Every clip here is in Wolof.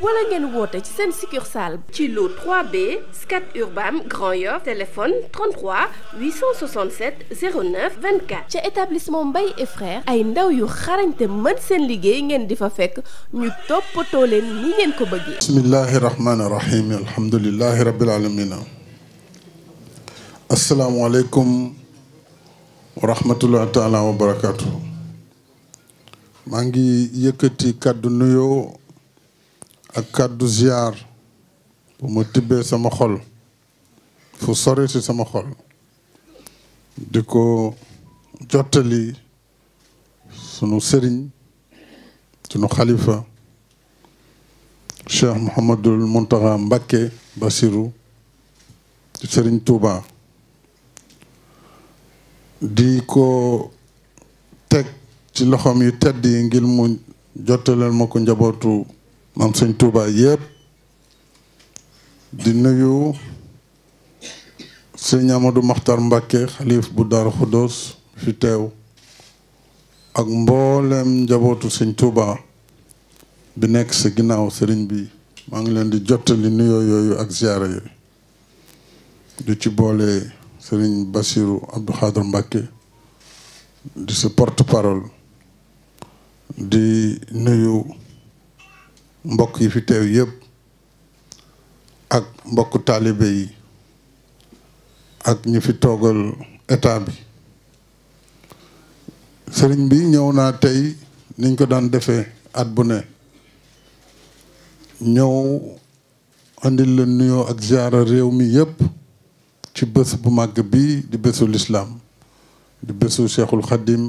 wala ngeen woote ci seen succursale ci lu b Scat Urbam Grand Yoff téléphone ca établissement Mbaye et ay ndaw yu xarañte mën seen liggéey ngeen di fa fekk ñu toppatoo leen ni ngeen ko bëggee bismillahi rahmaani rahim alhamdulillahi rabbil alamin asalaamualeykum wa rahmatullahi taala wa barakaatu maa ngi yëkkati kàddu nuyoo ak kàddu ziar bu ma tibbee sama xol fu sore si sama xol di ko jottali sunu sëriñ sunu xalifa cheikh Mouhamadul Mountakha Mbacké Bassirou sëriñ Touba di ko teg ci loxoom yu tedd yi ngir mu jottaleel ma ko njabootu maam sëñ Touba yëpp di nuyu sëñ Amadou Makhtar Mbacke xalif bu Darou Khoudoss fi teew ak mboolem njabootu sëñ Touba bi nekk si ginnaaw sëriñ bi maa ngi leen di jottali nuyoo yooyu ak ziyaara yooyu du ci boole sëriñ Bassirou Abdou Khadr Mbacke di sa porte parole di nuyu. mbokk yi fi teew yëpp ak mbokku taalibe yi ak ñu fi toogal état bi sëriñ bi ñëw naa tey niñ ko daan defee at bu ne ñëw andil la nuyoo ak ziara réew mi yëpp ci bés bu màgg bi di bésu lislaam di bésu cheikhul xadim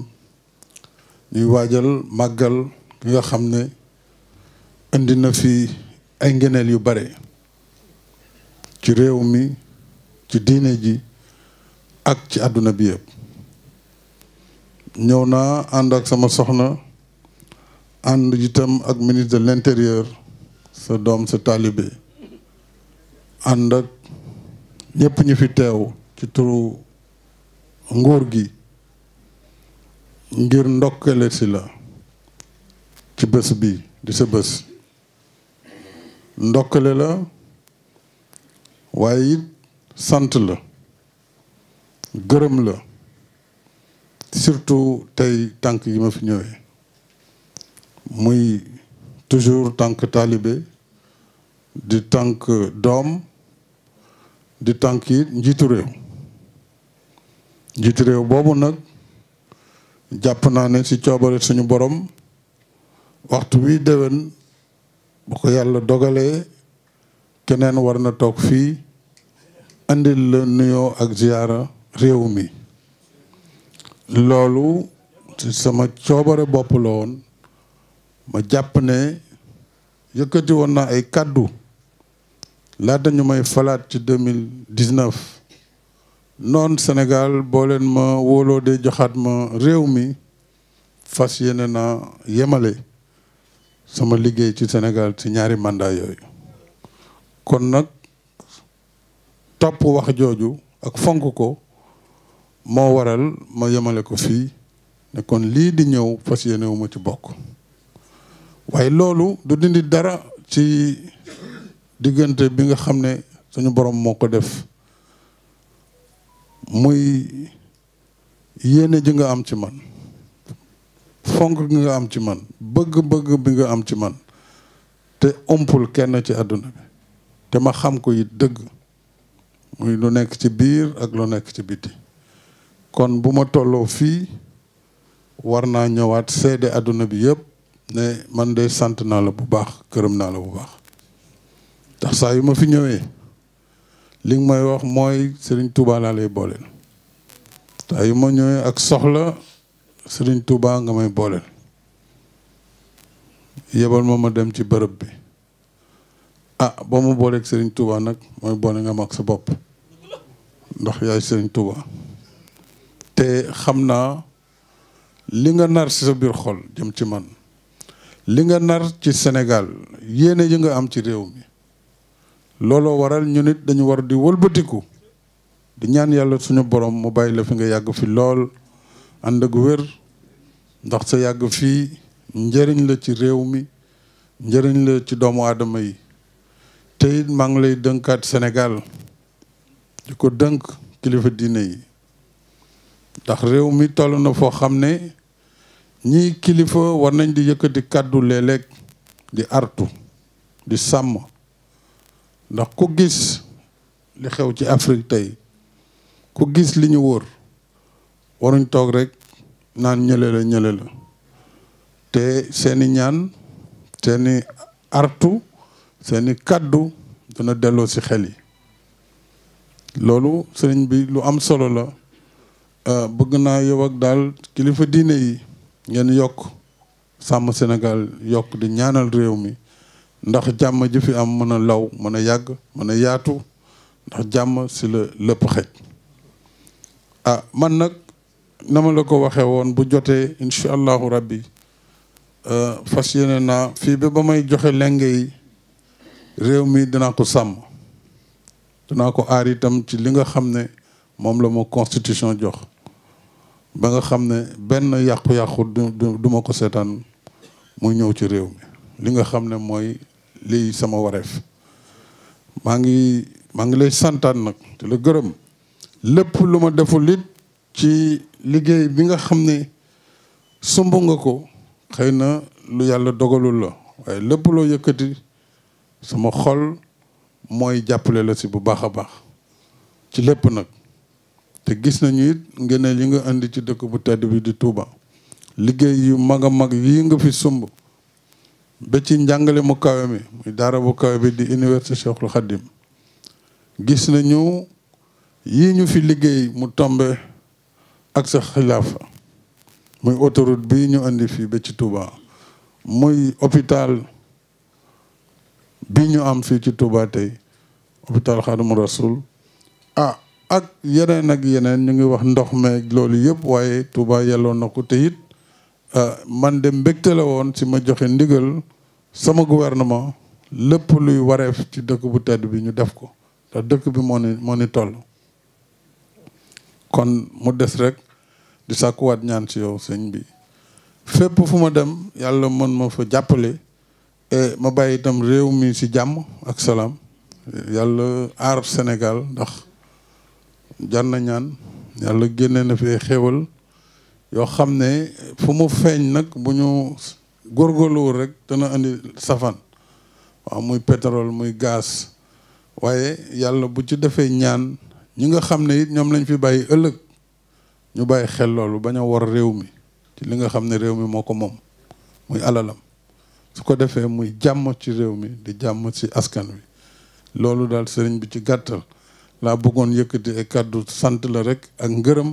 ñuy waajal màggal ki nga xam ne indi na fi ay ngeneel yu bare ci réew mi ci diine ji ak ci àdduna bi yëpp ñëw naa ànd ak sama soxna ànd itam ak ministre l'intérieur sa doom sa taalibe ànd ak ñëpp ñu fi teew ci turu nguur gi ngir ndokkale si la ci bés bi di sa bés ndokkale la waaye it sant la gërëm la surtout tey tànk yi ma fi ñëwee muy toujours tànk taalibe di tànk doom di tànk it njiitu réew njiitu réew boobu nag jàpp naa ne ci coobare suñu boroom waxtu wi déwén bu ko yàlla dogalee keneen war na toog fii indi la nuyoo ak ziyaara réew mi loolu ci sama coobare bopp la ma jàpp ne yëkkati woon naa ay kàddu laata ñu may falaat ci deux mille dix noon Sénégal boo leen ma wóoloo de joxaat ma réew mi fas yeneen a yemale sama liggéey ci senegal ci ñaari mandat yooyu kon nag topp wax jooju ak fonk ko moo waral ma yemale ko fii ne kon lii di ñëw fas yéene ci bokk waaye loolu du dindi dara ci diggante bi nga xam ne suñu borom moo ko def muy yéene ji nga am ci man fonk bi nga am ci man bëgg-bëgg bi nga am ci man te umpul kenn ci àdduna bi te ma xam ko it dëgg muy lu nekk ci biir ak lu nekk ci biti kon bu ma tolloo fii war naa ñëwaat sedd àdduna bi yépp ne man de sant naa la bu baax këram naa la bu baax ndax saa yu ma fi ñëwee li may wax mooy Serigne Touba laa lay booleel saa yu ma ñëwee ak soxla sëriñ Touba nga may booleel yebal ma ma dem ci bërëb bi ah boo mu booleeg sëriñ tuuba nag mooy boole nga mag sa bopp ndox yaay sëriñ Touba te xam naa li nga nar ci sa biir xol jëm ci man li nga nar ci senegal yéene yi nga am ci réew mi looloo waral ñu nit dañu war di wëlbatiku di ñaan yàlla suñu boroom mu bàyyi la fi nga yàgg fi lool ànd ak wér ndax sa yàgg fii njëriñ la ci réew mi njëriñ la ci doomu aadama yi te it maa ngi lay dënkaat Sénégal di ko dënk kilifa diine yi ndax réew mi toll na foo xam ne ñii kilifa war nañ di yëkkati kàddu léeg-léeg di artu di sàmm ndax ku gis li xew ci Afrique tey ku gis li ñu wóor waruñ toog rek naan ñële la ñële la te seeni ñaan seeni artu seeni kàddu dana delloo ci xel yi loolu sëriñ bi lu am solo la euh, bëgg naa yow ak daal kilifa diine yi ngeen yokk sàmm Sénégal yokk di ñaanal réew mi ndax jàmm ji fi am mën a law mën a yàgg mën a yaatu ndax jàmm ci la lépp xej ah man nag na ma la ko waxee woon bu jotee incha allahu rabbi euh, fas yéene naa fii ba may joxe lenge réew mi dinaa ko sàmm dinaa ko aar itam ci li nga xam ne moom la ma constitution jox ba nga xam ne benn yàqu-yàqu du du ma ko seetaan mu ñëw ci réew mi li nga xam ne mooy lii sama wareef maa ngi maa ngi lay santaan nag te la gërëm lépp lu ma deful it ci liggéey bi nga xam ne sumb nga ko xëy na lu yàlla dogalul la waaye lépp loo yëkkati sama xol mooy jàppale la si bu baax a baax ci lépp nag te gis nañu it ngeen yi nga indi ci dëkk bu tedd bi di tuuba liggéey yu mag a mag yi nga fi sumb ba ci njàngale mu kawe mi muy daara bu kawe bi di université Cheikhul Khadim gis nañu yi ñu fi liggéey mu tombe ak sa xilaafa muy autoroute bi ñu indi fii ba ci Touba muy hôpital bi ñu am fii ci Touba tey hôpital Khadimou Rassoul ah, ak yeneen ak yeneen ñu ngi wax ndox meeg loolu yëpp waaye Touba yelloon na ko te it ah, man de mbégte woon si ma joxe ndigal sama gouvernement lépp luy wareef ci dëkk bu tedd bi ñu def ko ndax dëkk bi moo ni moo ni toll kon mu des rek di sàkkuwaat ñaan ci yow sëñ bi fépp fu ma dem yàlla mën ma fa jàppale e ma bàyyi tam réew mi ci jàmm ak salaam yàlla aar Sénégal ndax jar na ñaan yàlla génne na fi xéwal yoo xam ne fu mu feeñ nag bu ñu góorgóorluwul rek dana indi safan waaw muy pétrole muy gaas waaye yàlla bu ci defee ñaan ñi nga xam ne it ñoom lañ fi bàyyi ëllëg ñu bàyyi xel loolu bañ a war réew mi ci li nga xam ne réew mi moo ko moom muy alalam su ko defee muy jàmm ci réew mi di jàmm ci askan wi loolu daal sëriñ bi ci gàttal laa bëggoon yëkkati ay kàddu sant la rek ak ngërëm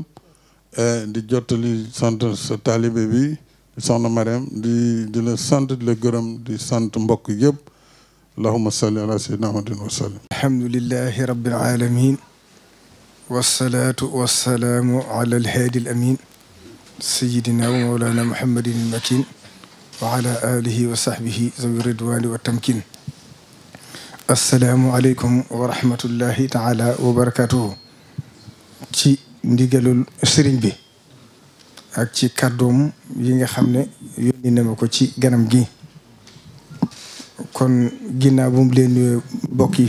eh, di jottali sant sa taalibe bi soxna Mariam di di la sant di la gërëm di sant mbokk yëpp allahumma salli ala sayyidina muhammadin wa sallim alhamdulillahi rabbil alamin wasalaatu wasalaamu ala alhaadi al amin sayidina wa mawlana makin wa ala wa sahbihi zawi ridwani wa aleykum wa taala wa ci ndigalul sëriñ bi ak ci kàddoom yi nga xam ne yónni ko ci ganam gi kon ginnaaw bu mu leen nuyoo mbokk yi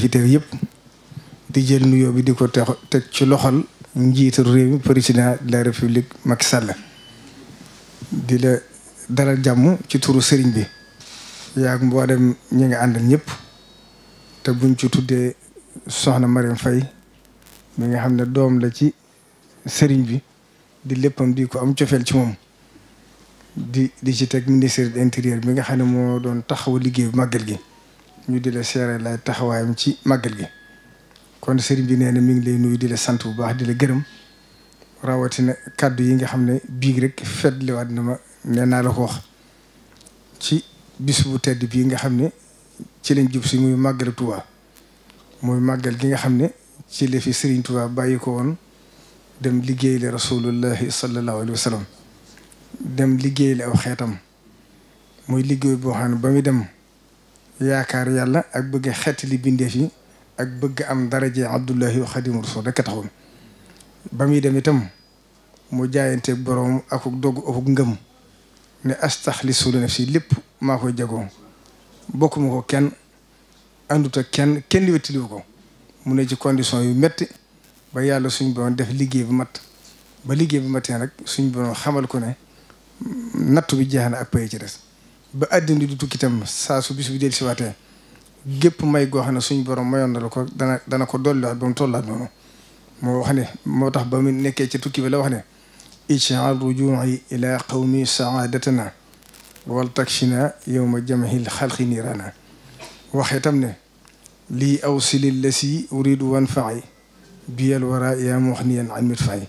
di jël nuyoo bi di ko teg ci loxol njiital réew mi président de la république Macky Sall di la daral jàmm ci turu sëriñ bi yaag mboolem ñi nga àndal ñëpp te buñ ci tuddee soxna Mariam fay mi nga xam ne doom la ci sëriñ bi di léppam di ko am cofeel ci moom di di ci teg ministère de l'intérieur bi nga xam ne moo doon taxaw liggéey màggal gi ñu di la seere lay taxawaayam ci màggal gi kon sëriñ bi nee na mi ngi lay nuyu di la sant bu baax di la gërëm rawatina kàddu yi nga xam ne biig rek fetliwaat na ma nee naa la ko ci bis tedd bii nga xam ne ci lañ jub si muy màggal Tuubaa muy gi nga xam ne ci la sëriñ Tuubaa bàyyi ko woon dem liggéey la rasulullahi sallallahu alayhi sallam dem liggéey la aw xeetam mooy liggéey boo xam ne ba dem yaakaar yàlla ak bëgg xeet li bindeef yi ak bëgg am daraje abdullahi wa xadimu rasul rekk taxoon ba muy dem itam mu jaayante boroom akuk dogg akuk ngëm ne astaxlisu li nafsi lépp maa koy jagoo bokkuma ko kenn àndut ak kenn kenn wettiliwu ko mu ne ci condition yu metti ba yàlla suñ borom def liggéey bu mat ba liggéey bu matee nag suñ borom xamal ko ne nattu bi jeex na ak ci des ba àddina du tukki itam saa su bis bi del siwaatee gépp may goo xam ne suñu borom mayoon na ko dana dana ko dolliwaat ba mu tollaat noonu moo wax ne moo tax ba mu nekkee ci tukki bi la wax ne ij'al rujuu'i ila qawmi saadatana wal takshina yawma jam'il xalqi niirana waxee tam ne lii aw silil la si du wan faxi biyal wara yaa ma wax ni yéen amit faxi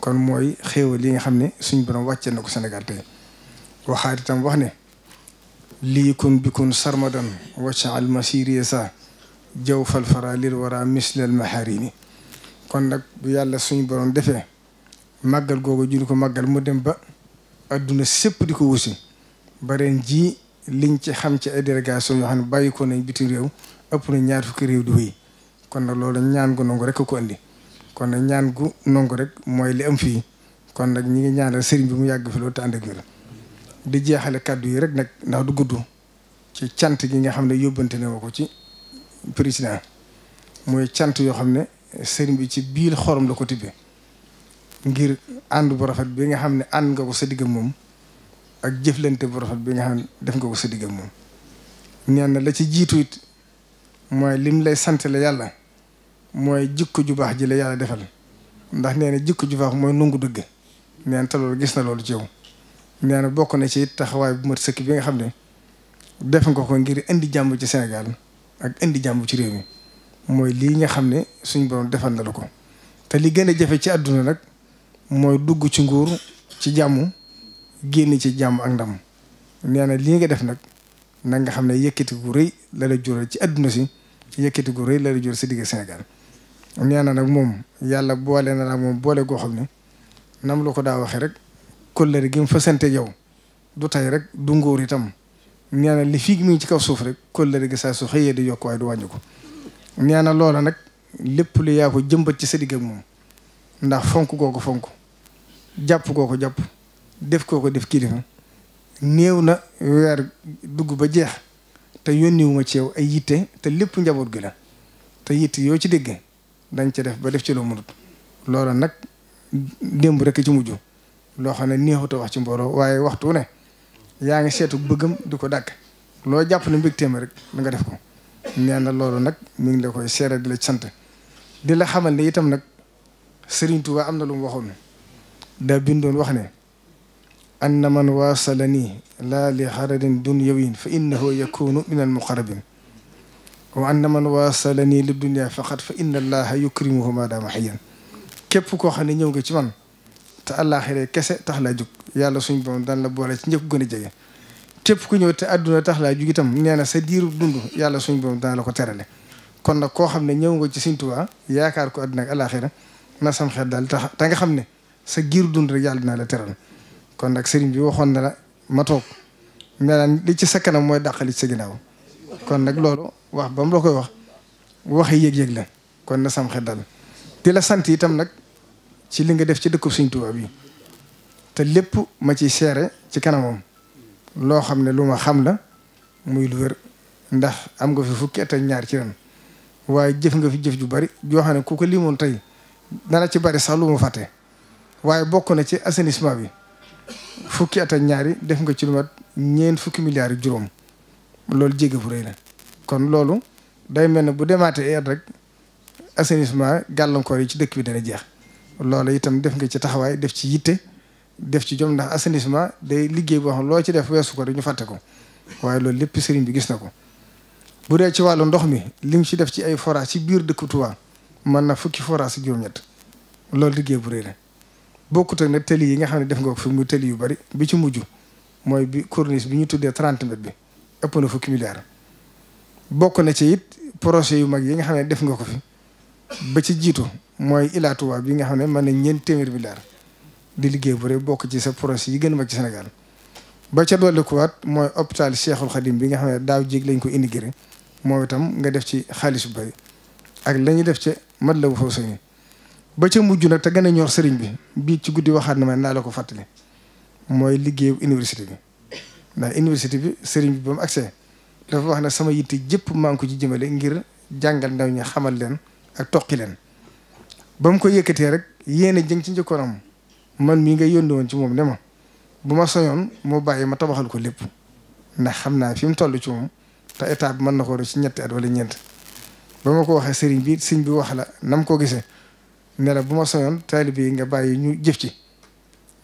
kon mooy xéewal yi nga xam ne suñu borom wàccee na ko Sénégal tey waxaat itam wax ne lii kun bikun sarmadan waccaal masiri sa jaw falfara lil wara mislal maharini kon nag bu yàlla suñu borom defee màggal googu juñ ko màggal mu dem ba adduna sépp di ko wusi ba ren ji liñ ci xam ci ay délégation yoo xam ne bàyyi ko nañ biti réew ëpp na ñaar fukki réew di wéy kon nag loolu ñaan gu nangu rek ko andi kon nag ñaan gu rek mooy li am fii kon nag ñi ngi ñaanal sëriñ bi mu yàgg fi loolu te di jeexale kàddu yi rek nag ndax du gudd ci cant gi nga xam ne yóbbante ne ko ci président mooy cant yoo xam ne sëriñ bi ci biir xorom la ko tibbee ngir ànd bu rafet bi nga xam ne ànd nga ko sa digg moom ak jëflante bu rafet bi nga xam ne def nga ko sa digg moom. nee na la ci jiitu mooy lim lay sant la yàlla mooy jikko ju baax ji la yàlla defal ndax nee na jikko ju baax mooy nungu dëgg nee na te loolu gis na loolu ci yow. nee na bokk na ci taxawaay bu mat sëkk bi nga xam ne def nga ko ngir indi jàmm ci Sénégal ak indi jàmm ci réew mi mooy lii nga xam ne suñ borom defal na la ko te li gën a jafe ci àdduna nag mooy dugg ci nguur ci jàmm génn ci jàmm ak ndam nee na lii nga def nag nag nga xam ne yëkkati gu rëy la la ci àdduna si yëkkati gu la la jural si digg Sénégal nag moom yàlla boole na la moom boole goo xam ne nam la ko daa waxee rek kóllëre gi mu fasante yow du tey rek du ngóor itam nee na li fii mu ngi ci kaw suuf rek kóllëre gi saa su xëyee di yokk waaye du wàññi ko nee loola nag lépp lu yaa ko jëmbat ci sa digg ak moom ndax fonk goo ko fonk jàpp koo ko jàpp def koo ko def kilifa néew na weer dugg ba jeex te yónniwuma ci yow ay yitte te lépp njaboot gi la te yitte yoo ci dégg dañ ca def ba def ci loo mënut loola nag démb rekk ci mujj loo xam ne neexut a wax ci mbooloo waaye waxtu ne yaa ngi seetu am di ko dakk loo jàpp ne mbégteem rek da nga def ko nee na loolu nag mi ngi la koy seere di la sant di la xamal ne itam nag Sëriñ Tuubaa am na lu mu waxoon daa bindoon wax ne anna man waasala nii laa li xaradin dunyawiin fa innahu yakunu min al muqarrabin wa anna man waasala nii li dunia faqat fa inna allaha yukrimuhu maadaama xayan képp koo xam ne ñëw nga ci man te àllaaxira kese tax laa jug yàlla suñ borom daan la boole ci ñëpp gën a jege képp ku ñëw te àdduna tax laa jug itam nee na sa diiru dund yàlla suñ borom daan la tere terale kon nag koo xam ne ñëw nga ci Sëñ Tuubaa yaakaar ko àdduna na sam xel tax te xam ne sa giiru dund rek yàlla dinaa la teral kon nag sëriñ bi waxoon na la ma toog li ci sakkanam kanam mooy dàqali ci sa kon nag loolu wax ba mu la koy wax waxi yëg-yëg la kon na sam xel daal di la sant itam nag ci li nga def ci dëkku Sëriñ Tuubaa bi te lépp ma ci seere ci kanamam loo xam ne lu ma xam la muy lu wér ndax am nga fi fukki at ak ñaar ci ren waaye jëf nga fi jëf ju bari joo xam ne ku ko tey dana ci bari sax lu ma fàtte waaye bokk na ci assainissement bi fukki at ñaari def nga ci lu mat ñeent fukki milliards yu juróom loolu jéggi fu rëy na kon loolu day mel ne bu demaatee at rek assainissement gàllankoor yi ci dëkk bi dana jeex loola itam def nga ci taxawaay def ci yitte def ci jom naa assainissement day liggéey boo xam loo ci def weesu ko dañu fàtte ko waaye lool lépp sëriñ bi gis na ko bu dee ci wàllu ndox mi lim ci def ci ay forage ci biir dëkk Touba mën na fukki forage juróom-ñett loolu liggéey bu rëy la bokkut ak nag tëli yi nga xam ne def nga ko fi muy tëli yu bari bi ci mujj mooy bi corniche bi ñu tuddee 30 mètres bi ëpp fukki milliards bokk na ci it projet yu mag yi nga xam ne def nga ko ba ci jiitu mooy Ila Touba bi nga xam ne man ne ñeent téeméer milliard di liggéey bu rëy bokk ci sa projet yi gën a mag ci senegal ba ca dolli kuwaat mooy hôpital Cheikhul Khadim bi nga xam ne daaw jéeg lañ ko indigré moo itam nga def ci xaalis bu bëri ak la def ca mat la bu faw sañu ba ca mujj nag te gën a ñor sëriñ bi bii ci guddi waxaat na ma naa la ko fàttali mooy liggéeyu université bi ndax université bi sëriñ bi ba mu dafa wax ne sama yitte jëpp maa ngi ko ci jëmale ngir jàngal ndaw ñi xamal leen ak toqi leen ba mu ko yëkkatee rek yéen a jëng ci njëkkoon am man mii nga yónni woon ci moom ne ma bu ma soñoon moo bàyyi ma tabaxal ko lépp ndax xam naa fi mu toll ci moom te état mën na ko ci ñetti at wala ñeent ba ma ko waxee sëriñ bi sëñ bi wax la nam ko gisee ne bu ma soñoon taalibe yi nga bàyyi ñu jëf ci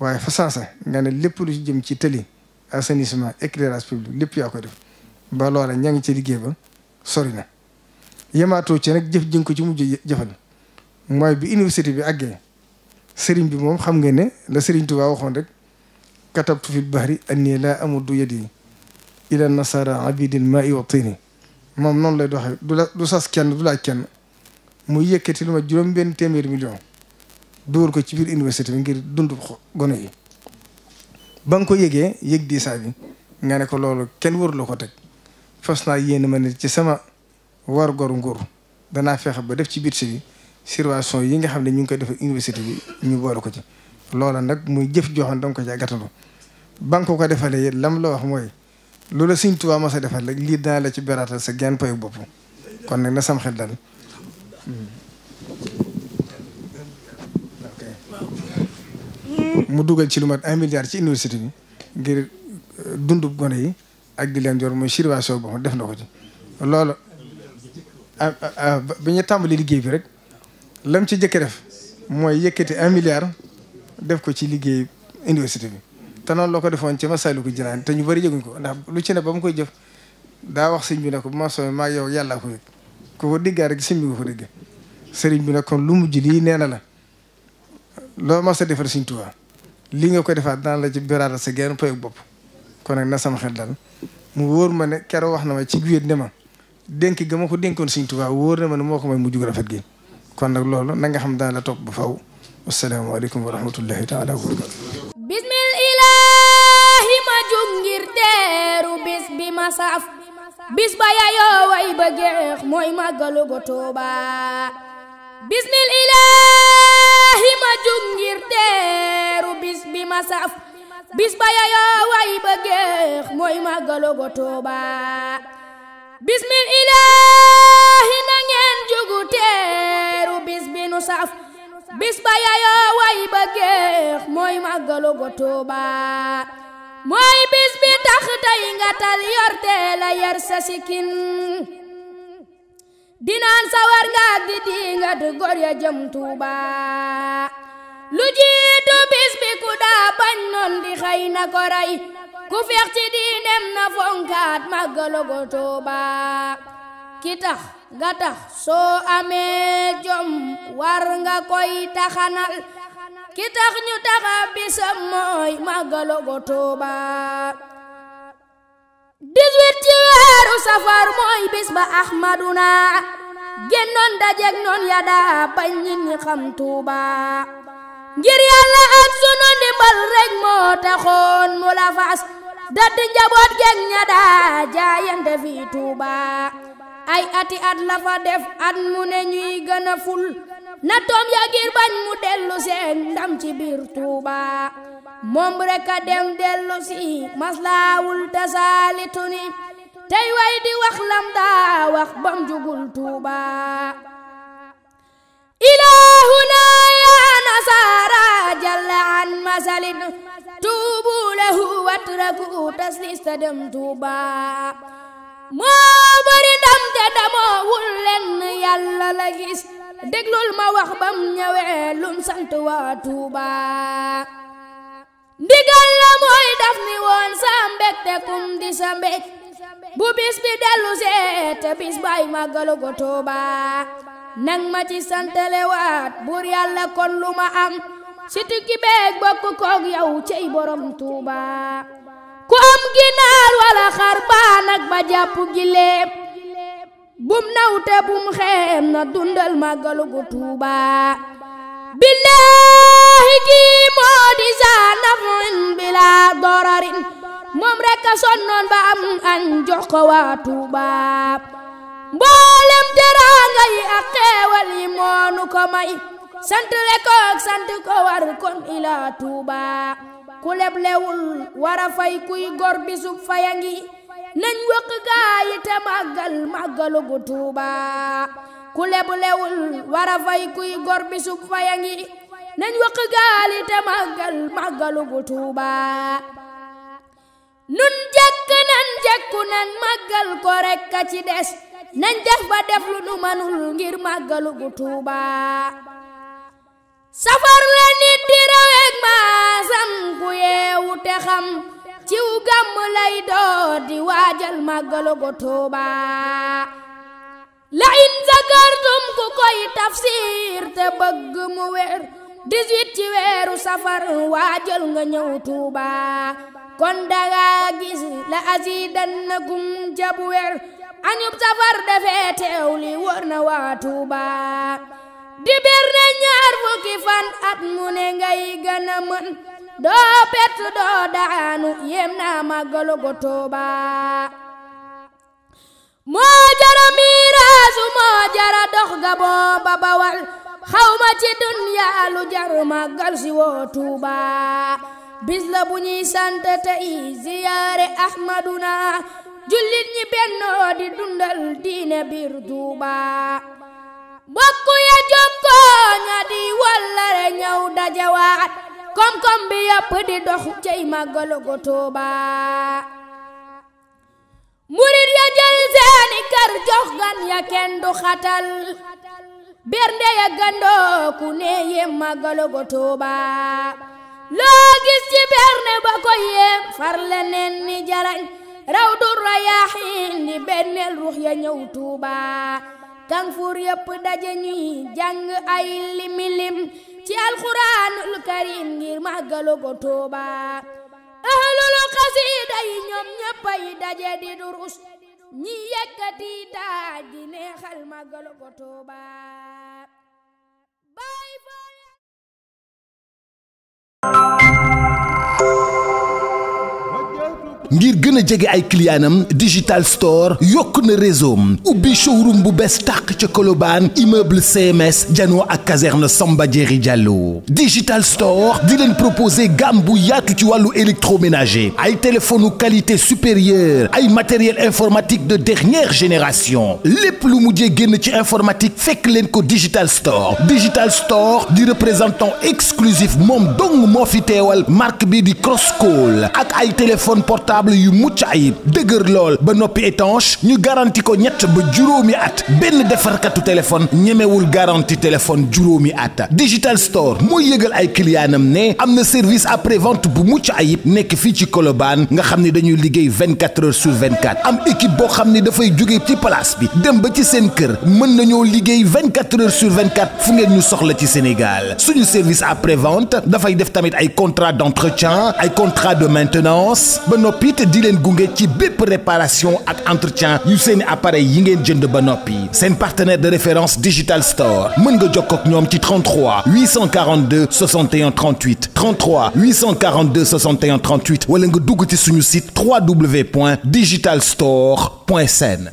waaye fa saasa nga ne lépp lu ci jëm ci tëli assainissement éclairage public lépp yaa ko def ba loola ña ngi ci liggéey ba sori na yemaatoo ci nag jëf jëng ko ci mujj jëfal mooy bi université bi àggee sëriñ bi moom xam nga ne la sëriñ Tuubaa waxoon rek katabtu fil bahri la laa du yadi ila nasara abidil maai wa tini moom noonu lay doxee du la du sas kenn du laaj kenn mu yëkkati lu ma juróom benn téeméeri million dóor ko ci biir université bi ngir dund gone yi ba nga ko yëgee yëg di saa nga ne ko loolu kenn warula ko teg fas naa yéen ma ne ci sama war gor nguur danaa fexe ba def ci budget bi situation yi nga xam ne ñu ngi koy defee université bi ñu boole ko ci. loola nag muy jëf joxoon da nga ko ci gàttandu ba nga ko ko defalee it lam la wax mooy lu la Sëñ Tuubaa ma sa defal rek lii daa ci beraatal sa genn payu kon nag na sam xel dal. mu dugal ci lu mat un milliard ci université bi ngir dundub gone yi ak di leen yor mooy situation boobu def na ko ci loolu. Euh, euh, euh, bi ñu tàmbali liggéey bi rek lam ci jëkk def mooy yëkkati un milliard def ko ci liggéey université bi te noonu loo ko defoon ci Masaalikul Jinaan te ñu bëri yëguñ ko lu ci ne ba mu koy jëf daa wax sëñ bi ne ko bu ma soobee maa yow ko yëg ku ko diggaa rek sëñ bi nga digg sëriñ bi ne kon lu mujj lii nee na la loo ma sa defar sëñ Tuubaa lii nga ko defaat daan la ci beraata sa genn payu bopp kon nag na sama xel dal mu wóor ma ne keroog wax na ma ci guyét ne ma dénk ga ma ko dénkoon Sëriñ Tuubaa wóor na ma moo ko may mu jug rafet gi kon nag loolu na xam daan la topp ba faw wasalaamaaleykum wa rahmatullahi taala wa bismil ilaahi ma jug ngir teeru bis bi ma saf bis ba yayoo way ba geex mooy màggalu ko ko Tuubaa bismil ilaahi na ngeen jugu teeru bis nu saf bis yayoo way géex mooy màggalu go Tuuba mooy bis bi tax nga tal yorte la yar sa dinaan sawar nga ak di diingat góor ya jëm Tuuba lu jiitu bis ku daa bañ noon di xëy na ko rey ku feex ci diineem na fonkaat màggalu ko Tuuba ki tax nga tax soo amee jom war nga koy taxanal ki tax ñu taxa bisam mooy màggalu ko Tuuba 18 ci weeru safar mooy bis ba Ahmaduna génnoon dajeek noon ya daa bañ ñi xam Tuuba ngir yàlla ak sunu ndimbal rek moo taxoon mu la fas datti njaboot geeg ña daa jaayante fii Touba ay ati at la fa def at mu ne ñuy gën a ful na toom ya ngir bañ mu dellu seen ndam ci biir Touba moom rek a dem dellu si maslaawul tasaalitu ni tey way di wax lam daa wax bam jugul Touba النصارى جل عن مثل توبوا له واتركوا تسليس دم توبا moo bari ndam te damoowul lenn yàlla la gis déglul ma wax bam ñëwee lum sant waa Tuuba ndigal la mooy daf ni woon sa mbég te kum di sa mbég bu bis bi dellu see te bis bay màggalu ko Tuuba nang ma santalewaat buur yàlla kon lu ma am si tukki beeg bokk koog yow cey borom tuuba ku am ginaar wala xar baa ba jàpp giléem bum nawte bum xeem na dundal màggalu gu tuuba billaahi kii moo di saa nafin bila dorarin moom rekk sonnoon ba am an jox ko waa tuuba mboolem teraanga yi ak xeewal yi moonu ko may sant le sant ko war kon ilaa Tuuba ku leblewul wara fay kuy gor bisub fayangi nañ wëq gaay yi te màggal màggalu gu ku leblewul wara fay kuy gor bisub fayangi nañ wëq gaay yi te màggal màggalu gu nun jekk nan jekku nan màggal ko rekk a ci des nañ def ba def lu safar la nit di raweeg maasam ku yeewu te xam ciw gàmm lay door di waajal màggalu Tuuba la in zakartum ku koy tafsir te bëgg mu wér 18 ci weeru safar waajal nga ñëw Tuuba kon danga gis la azidannakum jabu wér añub safar dafee teew li wër na waa Tuuba di bér ñaar fukki fan at mu ne ngay gën mën doo pett doo daanu yem naa màggalu ko Tuuba moo jara miiraasu moo jara dox gaboo ba bawal xawma ci dunyaa lu jar màggal si woo Tuuba bis la bu ñuy sant tey ziyaare Ahmaduna jullit ñi bennoo di dundal diine biir Tuuba bokk ya jokkoo ña di wallare ñëw dajawaat koom bi yëpp di dox cey màggalu ko Tuuba murit ya jël seeni kër jox gan ya kenn du xatal bernde ya gandoo ne yem màggalu ko Tuuba loo gis ci bernde ba ko yem far leneen ni jarañ rawdu rayaxiin di benneel ruux ya ñëw tuuba kanfuur yépp daje ñuy jàng ay limilim ci alxuraanul karim ngir màggalu ko tuuba ahlul xasiida yi ñoom ñépp daje di durus ñi yëkkati taaj neexal màggalu ko tuuba ngir gën a jege ay clientam digital store yokk na réseau ubbi showroom bu bees tàq ca Colobane immeuble CMS janoo ak caserne Samba Diéry Diallo digital store di leen proposer gamme bu yaatu ci wàllu électroménager ay téléphone qualité supérieure ay matériel informatique de dernière génération lépp lu mujjee génn ci informatique fekk leen ko digital store digital store di représentant exclusif moom dong moo fi teewal marque bi di Crosscall ak ay téléphone portable portable yu mucc ayib dëgër lool ba noppi étanche ñu garanti ko ñett ba juróomi at benn defarkatu téléphone ñemewul garanti téléphone juróomi at digital store mooy yëgal ay clientam ne am na service après vente bu mucc ayib nekk fii ci Colobane nga xam ne dañuy liggéey 24 heures sur 24 am équipe boo xam ne dafay jóge ci place bi dem ba ci seen kër mën nañoo liggéey 24 heures sur 24 fu ngeen ñu soxla ci Sénégal suñu service après vente dafay def tamit ay contrat d'entretien ay contrat de maintenance it di leen gunge ci bépp réparation ak entretien yu seen appareil yi ngeen jënd ba noppi seen partenaire de référence Digital Store mën nga jokkoo ak ñoom ci 33 842 61 38 33 842 61 38 wala nga dugg ci suñu site www.digitalstore.sn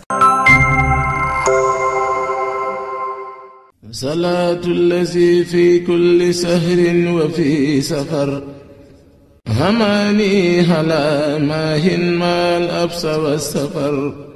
salaatu llazi fi kulli sahrin wa fi safar هماني هلا ما هن ما الأبس والسفر